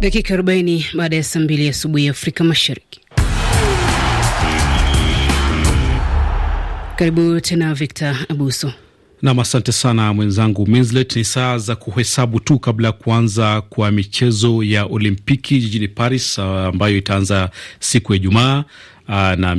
Dakika 40 baada ya saa mbili asubuhi ya Afrika Mashariki. Karibu tena Victor Abuso. Nam, asante sana mwenzangu Minslet. Ni saa za kuhesabu tu kabla ya kuanza kwa michezo ya Olimpiki jijini Paris uh, ambayo itaanza siku ya Ijumaa. Ah, na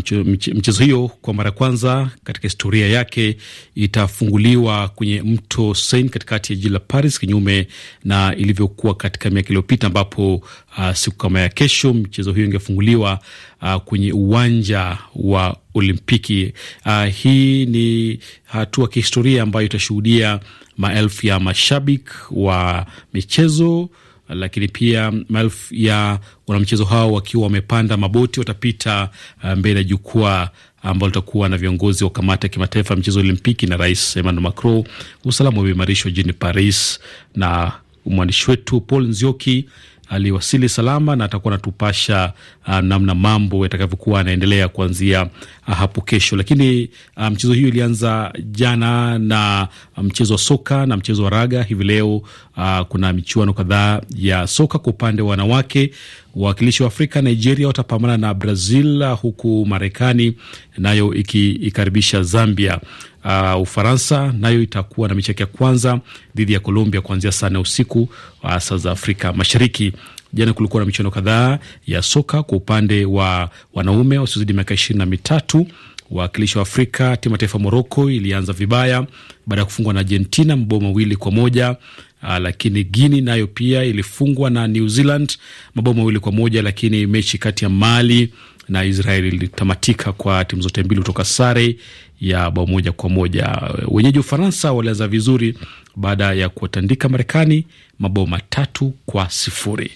mchezo hiyo kwa mara ya kwanza katika historia yake itafunguliwa kwenye mto Seine katikati ya jiji la Paris, kinyume na ilivyokuwa katika miaka iliyopita ambapo uh, siku kama ya kesho mchezo hiyo ingefunguliwa uh, kwenye uwanja wa Olimpiki. Uh, hii ni hatua kihistoria ambayo itashuhudia maelfu ya mashabiki wa michezo lakini pia maelfu ya wanamchezo hao wakiwa wamepanda maboti watapita uh, mbele ya jukwaa ambao litakuwa na viongozi wa kamati ya kimataifa ya mchezo wa Olimpiki na Rais Emmanuel Macron. Usalama umeimarishwa jijini Paris na mwandishi wetu Paul Nzioki aliwasili salama na atakuwa anatupasha uh, namna mambo yatakavyokuwa anaendelea kuanzia uh, hapo kesho. Lakini uh, mchezo hiyo ilianza jana na uh, mchezo wa soka na mchezo wa raga hivi leo. Uh, kuna michuano kadhaa ya soka kwa upande wa wanawake Wawakilishi wa Afrika Nigeria watapambana na Brazil, huku Marekani nayo ikiikaribisha Zambia. Uh, Ufaransa nayo itakuwa na mechi yake ya kwanza dhidi ya Colombia kuanzia saa nne usiku uh, saa za Afrika Mashariki. Jana kulikuwa na michuano kadhaa ya soka kwa upande wa wanaume wasiozidi miaka ishirini na mitatu Wawakilishi wa Afrika timu ya taifa Moroko ilianza vibaya baada ya kufungwa na Argentina mabao mawili kwa moja Uh, lakini Guini nayo pia ilifungwa na New Zealand mabao mawili kwa moja, lakini mechi kati ya Mali na israel ilitamatika kwa timu zote mbili kutoka sare ya bao moja kwa moja. Wenyeji Ufaransa walianza vizuri baada ya kuwatandika Marekani mabao matatu kwa sifuri.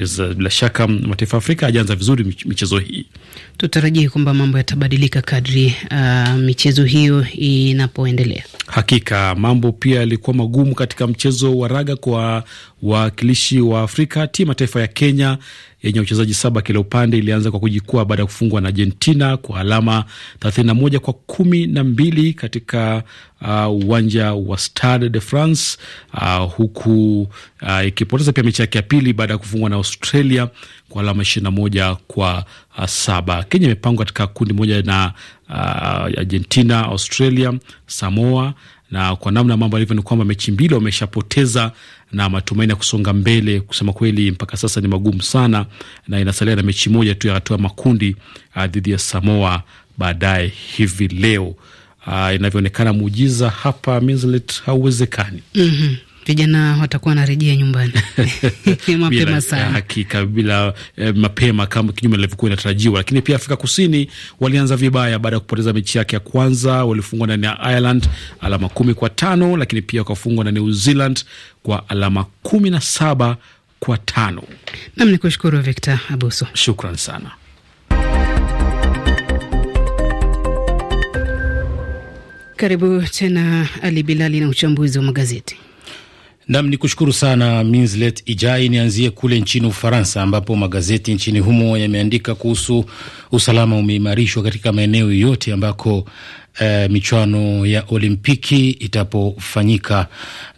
Uh, bila shaka mataifa ya Afrika hajaanza vizuri michezo hii. Tutarajie kwamba mambo yatabadilika kadri uh, michezo hiyo inapoendelea. Hakika mambo pia yalikuwa magumu katika mchezo wa raga kwa Wawakilishi wa Afrika, timu ya taifa ya Kenya yenye wachezaji saba kila upande ilianza kwa kujikua baada ya kufungwa na Argentina kwa alama 31 kwa kumi na mbili katika uh, uwanja uh, wa Stade de France uh, huku uh, ikipoteza pia mechi yake ya pili baada ya kufungwa na Australia kwa alama 21 kwa uh, saba. Kenya imepangwa katika kundi moja na uh, Argentina, Australia, Samoa na kwa namna mambo yalivyo ni kwamba mechi mbili wameshapoteza na matumaini ya kusonga mbele, kusema kweli, mpaka sasa ni magumu sana, na inasalia na mechi moja tu ya hatua makundi ah, dhidi ya Samoa baadaye hivi leo. Uh, inavyoonekana muujiza hapa hauwezekani. mm -hmm vijana watakuwa wanarejea nyumbani mapema bila, sana hakika bila eh, mapema kama kinyume ilivyokuwa inatarajiwa. Lakini pia Afrika Kusini walianza vibaya baada ya kupoteza mechi yake ya kwanza, walifungwa ndani ya Ireland alama kumi kwa tano, lakini pia wakafungwa na New Zealand kwa alama kumi na saba kwa tano. Nam ni kushukuru Victor Abuso, shukran sana. Karibu tena Ali Bilali na uchambuzi wa magazeti. Nam ni kushukuru sana Minslet Ijai. Nianzie kule nchini Ufaransa, ambapo magazeti nchini humo yameandika kuhusu usalama umeimarishwa katika maeneo yote ambako e, michuano ya Olimpiki itapofanyika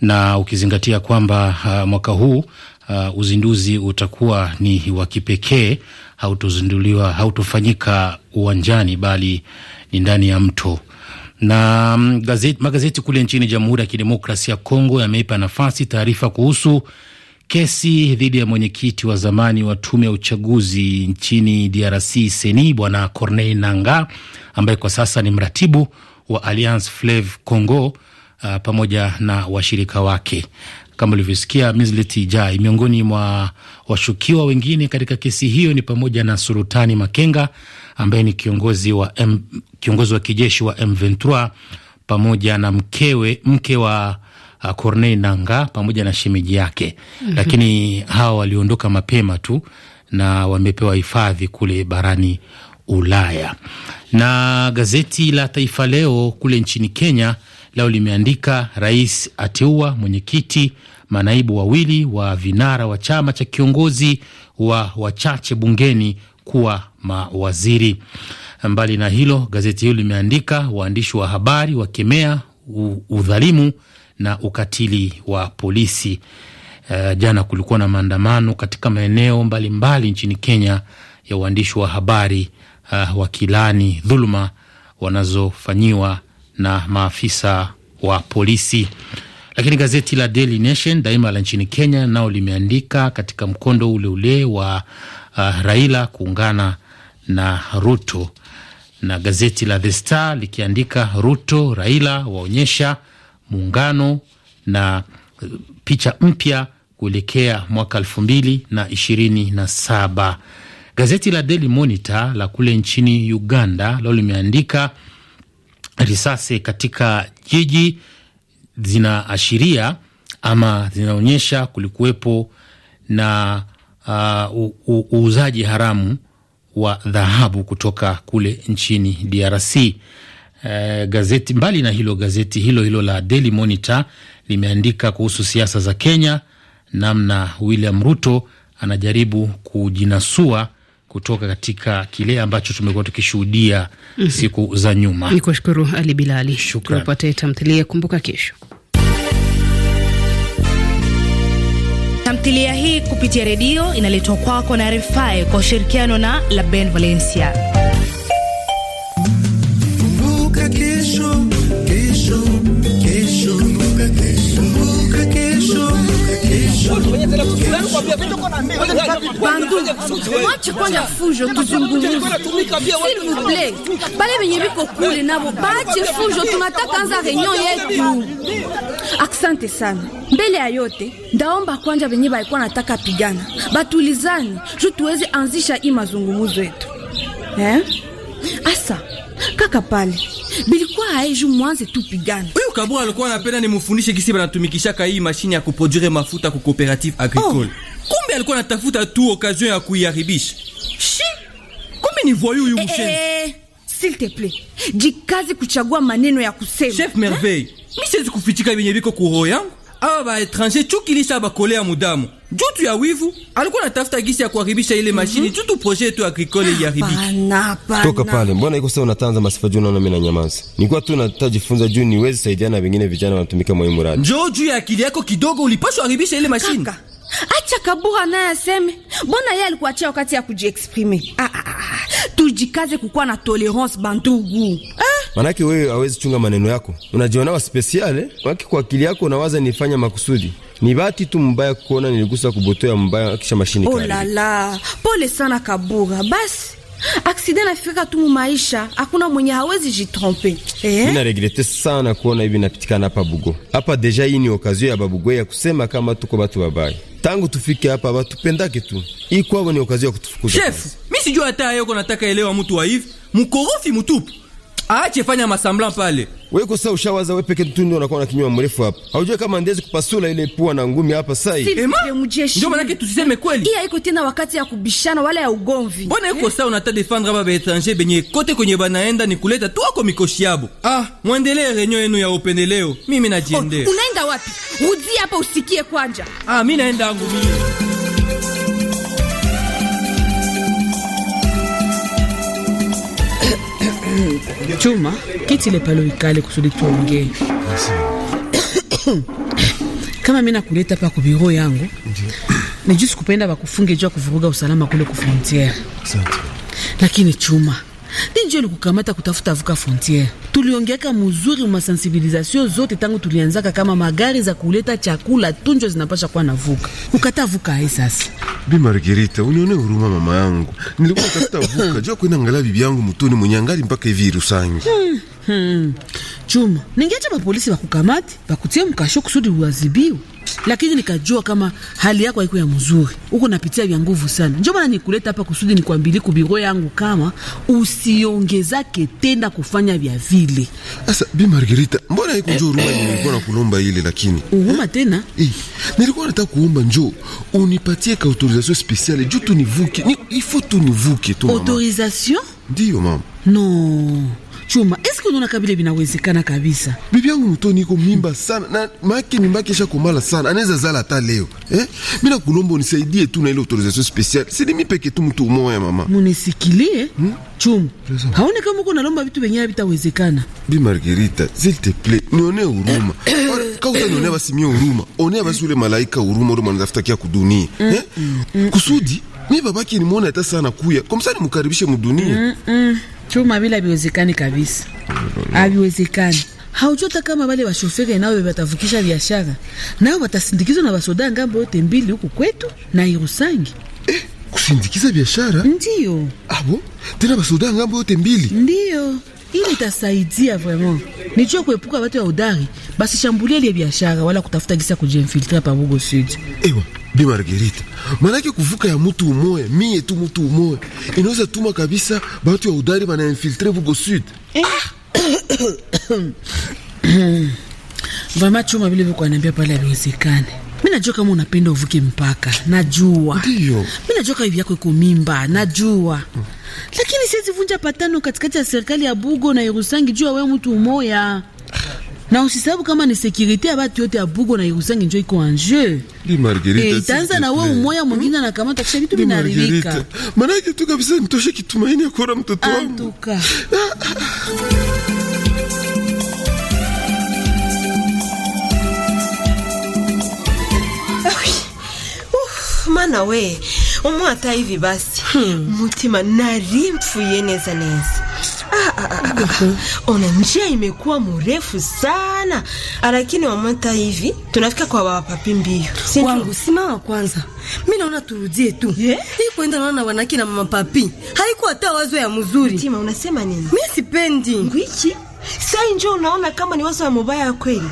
na ukizingatia kwamba a, ah, mwaka huu a, ah, uzinduzi utakuwa ni wa kipekee, hautozinduliwa hautofanyika uwanjani, bali ni ndani ya mto na mm, gazeti, magazeti kule nchini Jamhuri ya Kidemokrasia ya Kongo yameipa nafasi taarifa kuhusu kesi dhidi ya mwenyekiti wa zamani wa tume ya uchaguzi nchini DRC Seni, Bwana Corneille Nanga ambaye kwa sasa ni mratibu wa Alliance Fleuve Congo uh, pamoja na washirika wake kama ulivyosikia Mizleti Jai. Miongoni mwa washukiwa wengine katika kesi hiyo ni pamoja na Sultani Makenga ambaye ni kiongozi wa, M, kiongozi wa kijeshi wa M23 pamoja na mkewe, mke wa uh, Corneille Nanga pamoja na shemeji yake mm -hmm. Lakini hawa waliondoka mapema tu na wamepewa hifadhi kule barani Ulaya. Na gazeti la Taifa Leo kule nchini Kenya lao limeandika rais ateua mwenyekiti manaibu wawili wa vinara wa chama cha kiongozi wa wachache bungeni kuwa mawaziri. Mbali na hilo, gazeti hilo limeandika waandishi wa habari wakemea udhalimu na ukatili wa polisi. Uh, jana kulikuwa na maandamano katika maeneo mbalimbali mbali nchini Kenya ya waandishi wa habari uh, wakilani dhuluma wanazofanyiwa na maafisa wa polisi. Lakini gazeti la Daily Nation daima la nchini Kenya nao limeandika katika mkondo ule ule wa uh, Raila kuungana na Ruto, na gazeti la The Star likiandika Ruto Raila waonyesha muungano na uh, picha mpya kuelekea mwaka elfu mbili na ishirini na saba. Gazeti la Daily Monitor la kule nchini Uganda lao limeandika risasi katika jiji zinaashiria ama zinaonyesha kulikuwepo na Uh, uuzaji haramu wa dhahabu kutoka kule nchini DRC. Uh, eh, gazeti mbali na hilo, gazeti hilo hilo la Daily Monitor limeandika kuhusu siasa za Kenya, namna William Ruto anajaribu kujinasua kutoka katika kile ambacho tumekuwa tukishuhudia mm -hmm. siku za nyuma. Ni Ali Bilali. Tupate tamthilia Kumbuka Kesho. Tamthilia hii kupitia redio inaletwa kwako na RFI kwa ushirikiano na La Ben Valencia. bantu mwache kwanza fujo tuzungumuze silvuple bale benye biko kule nabo baache fujo tunataka anza reunion yetu aksante sana mbele ya yote ndaomba kwanja benye balikuwa nataka pigana batulizani ju tuweze anzisha hii mazungumuzo yetu eh? asa kaka pale bilikuwa haeju mwanze tu Huyu Kabura alikuwa anapenda nimufundishe kisi banatumikishaka hii mashine ya kuproduire mafuta ku cooperative agricole oh kumbe alikuwa anatafuta tu occasion ya kuiharibisha. Shi, kumbe ni voyou huyu eh, eh, mshenzi. Eh, eh, s'il te plaît, jikazi kuchagua maneno ya kusema. Chef Merveille, eh? mi siwezi kufichika yenye viko ku yangu. Awa ba etranger chukilisha bakolea mudamu jutu ya wivu alikuwa anatafuta gisi ya kuharibisha ile mashini mm -hmm. Jutu projet yetu agricole ah, iharibike. Toka pale, mbona iko sasa unatanza masifa juu? Naona mimi na nyamaza, nilikuwa tu natajifunza juu niweze saidiana na wengine vijana wanatumika mwa mradi. Njoo juu ya akili yako kidogo, ulipaswa haribisha ile mashini Kaka acha Kabura naye aseme, mbona yeye alikuachia wakati ya kujiexprime? Ah, ah, ah, ah, tujikaze kukuwa na tolerance bandugu ah. Manake wewe hawezi chunga maneno yako, wa special eh? Waki kwa akili yako unawaza nifanya makusudi ni bahati tu mbaya kuona niligusa kubotoya mbaya kisha mashini. Oh la la, pole sana Kabura. Basi aksida nafika tu mumaisha, hakuna mwenye hawezi jitrompe eh? Mina regrete sana kuona hivi napitikana hapa Bugo. Hapa deja hii ni okazio ya babugo ya kusema kama tuko batu babaya. Tangu tufike hapa batupendake tu, hii kwavo ni okazio ya kutufukuza. Chef, mi sijua hata yoko nataka elewa mtu wa hivi mukorofi mutupu aache fanya masambla pale. Wewe kosa ushawaza wewe peke tu ndio unakuwa na kinywa mrefu hapa. Haujui kama ndezi kupasula ile pua na ngumi hapa sasa hivi. Ndio maana yake tuseme kweli. Hii haiko tena wakati ya kubishana wala ya ugomvi. Mbona yuko eh? Sasa unata defendre baba étranger benye kote kwenye banaenda ni kuleta tu wako mikoshi yabo. Ah, muendelee renyo yenu ya upendeleo. Mimi najiendea. Oh, unaenda wapi? Rudi hapa usikie kwanja. Ah, mimi naenda angu mimi. Chuma kitile palo ikale kusudi tuongee. Kama mimi nakuleta pa ku biro yangu ni just kupenda bakufungejwa kuvuruga usalama kule ku frontiere. Lakini Chuma ndinjo likukamata kutafuta vuka frontiere. Tuliongeka muzuri masensibilizasio zote tangu tulianzaka, kama magari za kuleta chakula tunjo zinapasha kuwa na vuka, ukata vuka hai. Sasa Bi Margarita, unione huruma mama yangu, nilikuwa natafuta vuka jua kwenda angalia bibi yangu mutoni mwenye angali mpaka hivi Rusangi. Hmm. Hmm. Chuma, ningeacha mapolisi wakukamati wakutie mkasho kusudi uadhibiwe, lakini nikajua kama hali yako haiko ya mzuri, uko napitia vya nguvu sana, ndio maana nikuleta hapa kusudi nikwambili kubiro yangu kama usiongezake tena kufanya vya vile. Sasa Bi Margarita, mbona haiko njoo huruma eh, eh. nilikuwa nakulomba ile, lakini huruma tena eh, nilikuwa nataka kuomba njoo unipatie ka autorisation speciale juu tunivuke, ni il faut tu nivuke tu mama. Autorisation? Ndio mama. No chuma. Eske unaona kabile vinawezekana kabisa? Bibi yangu Lutoni iko mimba sana na make mimba kesha kumala sana, anaweza zala hata leo eh? Mimi nakulomba unisaidie tu na ile autorisation special, si mimi peke tu, mtu mmoja mama, munisikilie hmm? Chuma, haone kama uko nalomba vitu vyenyewe vitawezekana. Bi Margarita, s'il te plait, nione huruma kauza nione basi mie huruma, onea basi ule malaika huruma ule kia kudunia mm, eh? Mm, mm, kusudi mi babaki nimwona hata sana kuya Kwa msani mkaribishe mudunia mm -mm chuma bila biwezekani kabisa, haviwezekani. Haujota kama wale washoferi nao watavukisha biashara nao watasindikizwa na basoda ngambo yote mbili huku kwetu na Irusangi. Eh, kusindikiza biashara ndio abo ah, tena basoda ngambo yote mbili ndio ili tasaidia vraiment nijua kuepuka watu ya udari basi shambulia ile biashara wala kutafuta gisa kujinfiltra pa Bugo Sud. Ewa, Bi Marguerite Manake kuvuka ya mutu umoe mie tu mutu umoe inaweza tuma kabisa batu ya udari bana infiltre Bugo Sud eh. Vama chuma vile vikuwa niambia pale haviwezekane. Mimi najua kama unapenda uvuke mpaka. Najua. Ndio. Mimi najua kama hivi yako iko mimba, najua. Lakini siwezi vunja patano katikati ya serikali ya Bugo na Yerusangi jua wewe mtu umoya na usisabu kama ni security ya batu yote ya Bugo na Irusangi njo iko anje eh, itaanza na we umoya hmm? mwingine anakamata kisha vitu vinaribika, manake tu kabisa nitoshe kitumaini ya kura mtoto ah, wangu Antuka. mana we umwe hata hivi basi, hmm. mutima narimfu neza neza ona njia imekuwa mrefu sana, ah, lakini wamata hivi tunafika kwa wapapi mbio. Wangu simama kwanza, mi naona turudie tu yeah. Hii kwenda naona wanaki na mama papi haikuwa hata wazo ya mzuri. Tima, unasema nini? Mi sipendi ngwichi sai njo unaona kama ni wazo ya mubaya ya kweli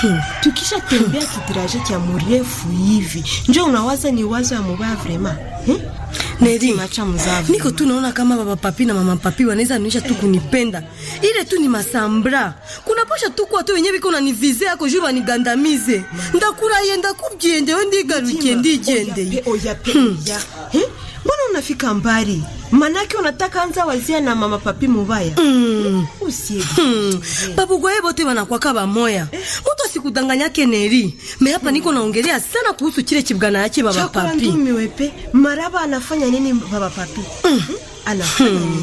hmm. Tukisha tembea kitiraje kya mrefu hivi njo unawaza ni wazo ya mubaya vrema eh? Neri, niko tu naona kama baba papi na mama papi wanaweza nionyesha tu kunipenda, ile tu ni masambra, kuna posha tu kwa tu wenyewe biko na yako juu wanigandamize, ndakura yenda kubyende yo ndigaruke ndijende. Hmm. Eh, mbona unafika mbali? manake unataka anza wazia na mama papi mubaya mm. usiye mm. babugoye bote banakwaka bamoya eh. mutu asikudanganya keneri me hapa mm. niko naongelea sana kuhusu chile chibwana yake baba papi chakula ndumiwepe anafanya nini baba papi mm. mm. Ala. Hmm.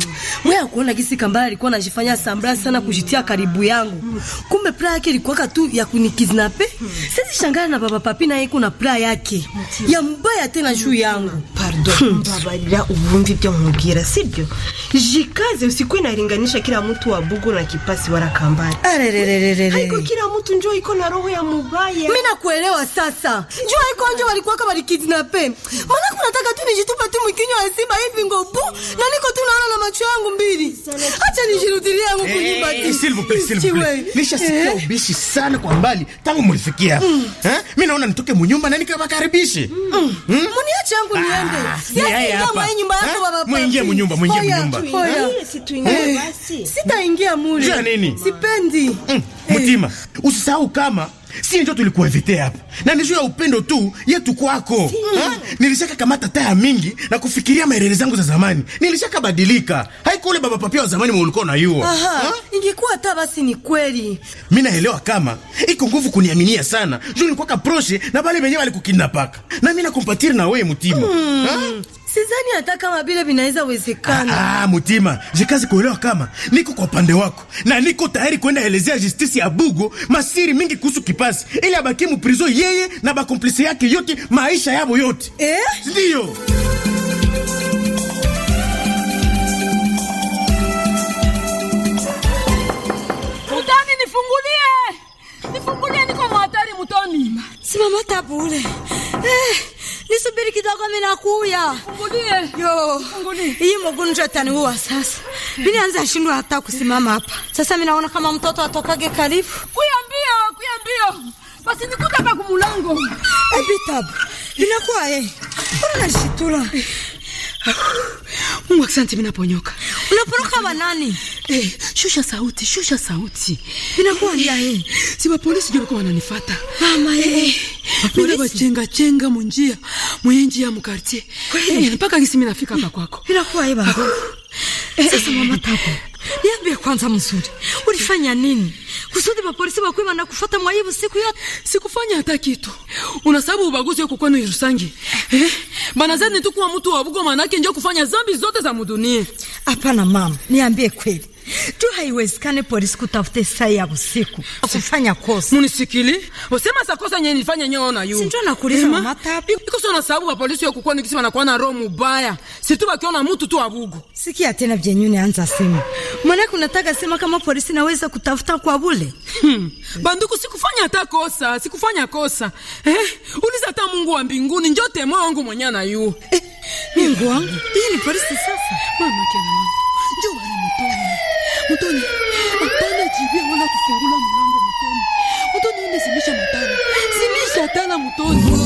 akuona kisi kamba alikuwa anajifanya sambra sana kujitia karibu yangu. Kumbe pra yake ilikuwa tu ya kunikidnap. Sisi shangaa na baba papi na yeye kuna pra yake. Ya mbaya tena juu yangu. Pardon. hmm. baba Babalira uvumbi byo mubwira sibyo? Jikaze usiku inalinganisha kila mtu wa bugu na kipasi wala kambala. Arerererere. Ah, haiko kila mtu njoo iko na roho ya mubaya. Mimi nakuelewa sasa. Njoo haiko njoo walikuwa kama likidnap. Maana kunataka tu nijitupe tu mkinyo wa simba hivi ngobu na niko tu naona na macho yangu mbili. Acha huko hey, nyumba tu. S'il vous plaît, s'il vous plaît. Nishasikia eh. ubishi sana kwa mbali tangu mlifikia. Mm. Eh? Mimi naona nitoke mnyumba na nikawakaribishe. Mniache mm. hmm? yangu ah, niende. kama hii Nyumba yako eh? baba. Muingie mnyumba, muingie mnyumba. Si tuingie eh, basi. Sitaingia mule. Ya nini? Sipendi. Mtima, hmm, usisahau kama si njo tulikuinvitea hapa na ni juu ya upendo tu yetu kwako. Nilishaka kamata taya mingi na kufikiria maelele zangu za zamani, nilishaka badilika. Haiko ule baba papia wa zamani mulikuwa na yuo. ingekuwa ta basi ni kweli. Mimi naelewa kama iko nguvu kuniaminia sana juu nilikuwa kaproshe na bale wenyewe walikukidnapaka na mimi nakumpatia na wewe mutima Hmm. Sizani hata kama vile vinaweza wezekana. Ah, ah Mutima, jikazi kuelewa kama niko kwa upande wako na niko tayari kwenda elezea justisi ya Bugo masiri mingi kuhusu kipasi ili abaki muprizo yeye na bakomplisi yake yote maisha yabo yote eh? Ndiyo. Mutani, nifungulie, nifungulie, niko mwatari mutoni. Simama tabule eh. Nisubiri kidogo, mimi nakuja. Fungulie. Yo. Fungulie. Hii mgonjwa ataniua sasa. Mimi anza shindwa hata kusimama hapa. Sasa mimi naona kama mtoto atokage karibu. Kuambia, kuambia. Basi nikuta hapa kumulango. Ebi eh, tabu. Inakuwa eh. Mbona nashitula? Mungu asante, mimi naponyoka. Unaponoka wa nani? Eh, shusha sauti, shusha sauti. Inakuwa ndia eh. Si mapolisi ndio wako wananifuata. Mama eh. eh, eh. Ndio bachenga chenga chenga munjia mwenji ya mkartie kweli eh, mpaka kisimi minafika kwa kwako. Inakuwa hii bango. Eh, eh. Sasa mama tako. Niambia kwanza msuri Ulifanya nini? Kusudi mapolisi wa kuima na kufata mwaibu siku yote? Sikufanya hata kitu. Unasabu ubaguzi wako kwenu Yerusangi. Eh? Banazani tu kuwa mtu wa Bugoma manake ndio kufanya zambi zote za mudunie Hapana mama, Niambia kweli tu haiwezekani polisi kutafuta saa ya usiku kufanya kosa. Munisikili usema za kosa nyenye nifanye nyona yu sinjo na kuliza matapi iko sana sababu wa polisi yo kwa nikisema na kuona roho mbaya. si tu bakiona mtu tu abugu. Sikia tena vya nyune anza sema mwanake, kunataka sema kama polisi naweza kutafuta kwa bule hmm. Banduku, sikufanya hata kosa, sikufanya kosa eh, uliza hata Mungu wa mbinguni njote moyo wangu mwenyewe na yu eh, Mungu wangu, hii ni polisi sasa mama tena Mtoni, hapana jibia wala kufungula mlango Mtoni. Mtoni ende zimisha matala. Zimisha tala Mtoni.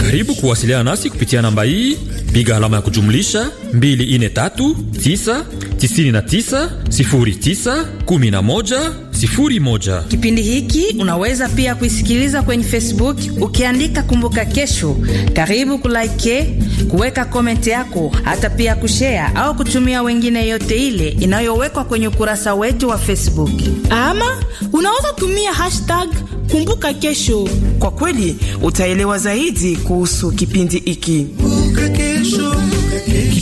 Karibu kuwasiliana nasi kupitia namba hii, piga alama ya kujumlisha 243 9 99 Kipindi hiki unaweza pia kuisikiliza kwenye Facebook ukiandika Kumbuka Kesho. Karibu kulaike kuweka komenti yako, hata pia kushare au kutumia wengine, yote ile inayowekwa kwenye ukurasa wetu wa Facebook. Ama unaweza tumia hashtag Kumbuka Kesho. Kwa kweli utaelewa zaidi kuhusu kipindi hiki.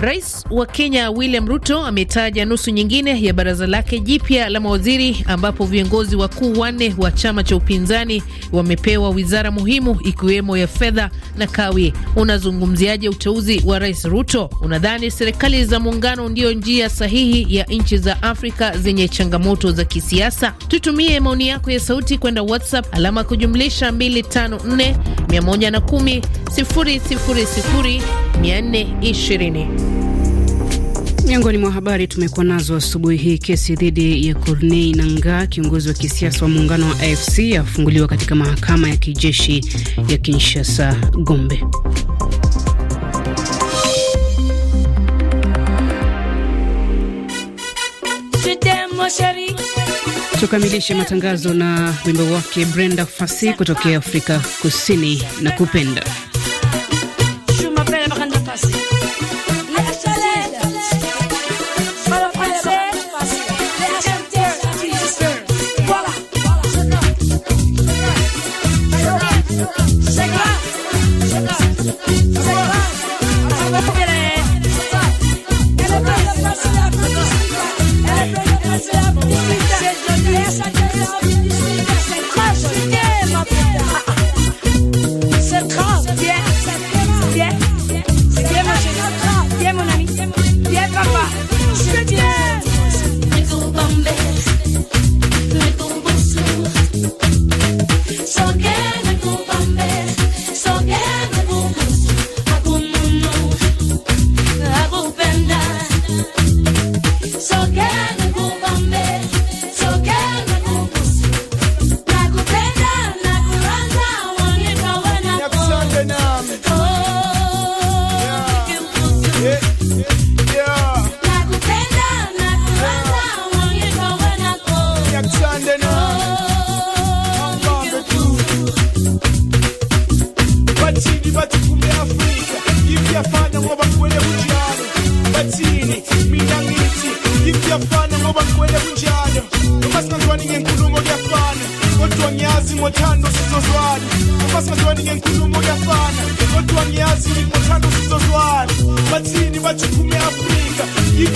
Rais wa Kenya William Ruto ametaja nusu nyingine ya baraza lake jipya la mawaziri ambapo viongozi wakuu wanne wa chama cha upinzani wamepewa wizara muhimu ikiwemo ya fedha na kawi. Unazungumziaje uteuzi wa Rais Ruto? Unadhani serikali za muungano ndiyo njia sahihi ya nchi za Afrika zenye changamoto za kisiasa? Tutumie maoni yako ya sauti kwenda WhatsApp alama kujumlisha 254 110 000 420. Miongoni mwa habari tumekuwa nazo asubuhi hii, kesi dhidi ya Corneille Nangaa, kiongozi wa kisiasa wa muungano wa AFC, afunguliwa katika mahakama ya kijeshi ya Kinshasa Gombe. Tukamilishe matangazo na wimbo wake Brenda Fassie kutokea Afrika Kusini na kupenda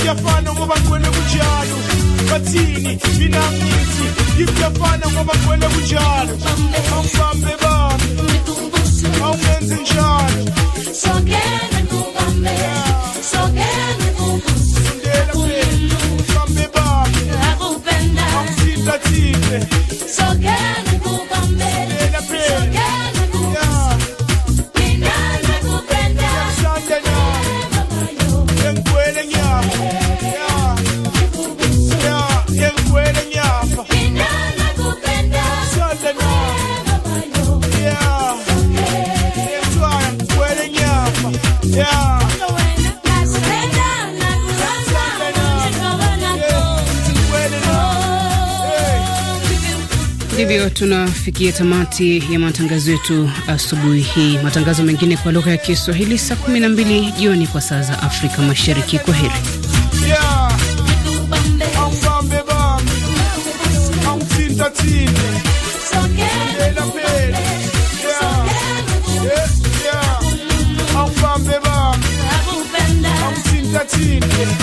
So ngoba tunafikia tamati ya matangazo yetu asubuhi hii. Matangazo mengine kwa lugha ya Kiswahili saa 12 jioni kwa saa za Afrika Mashariki. Kwa heri yeah.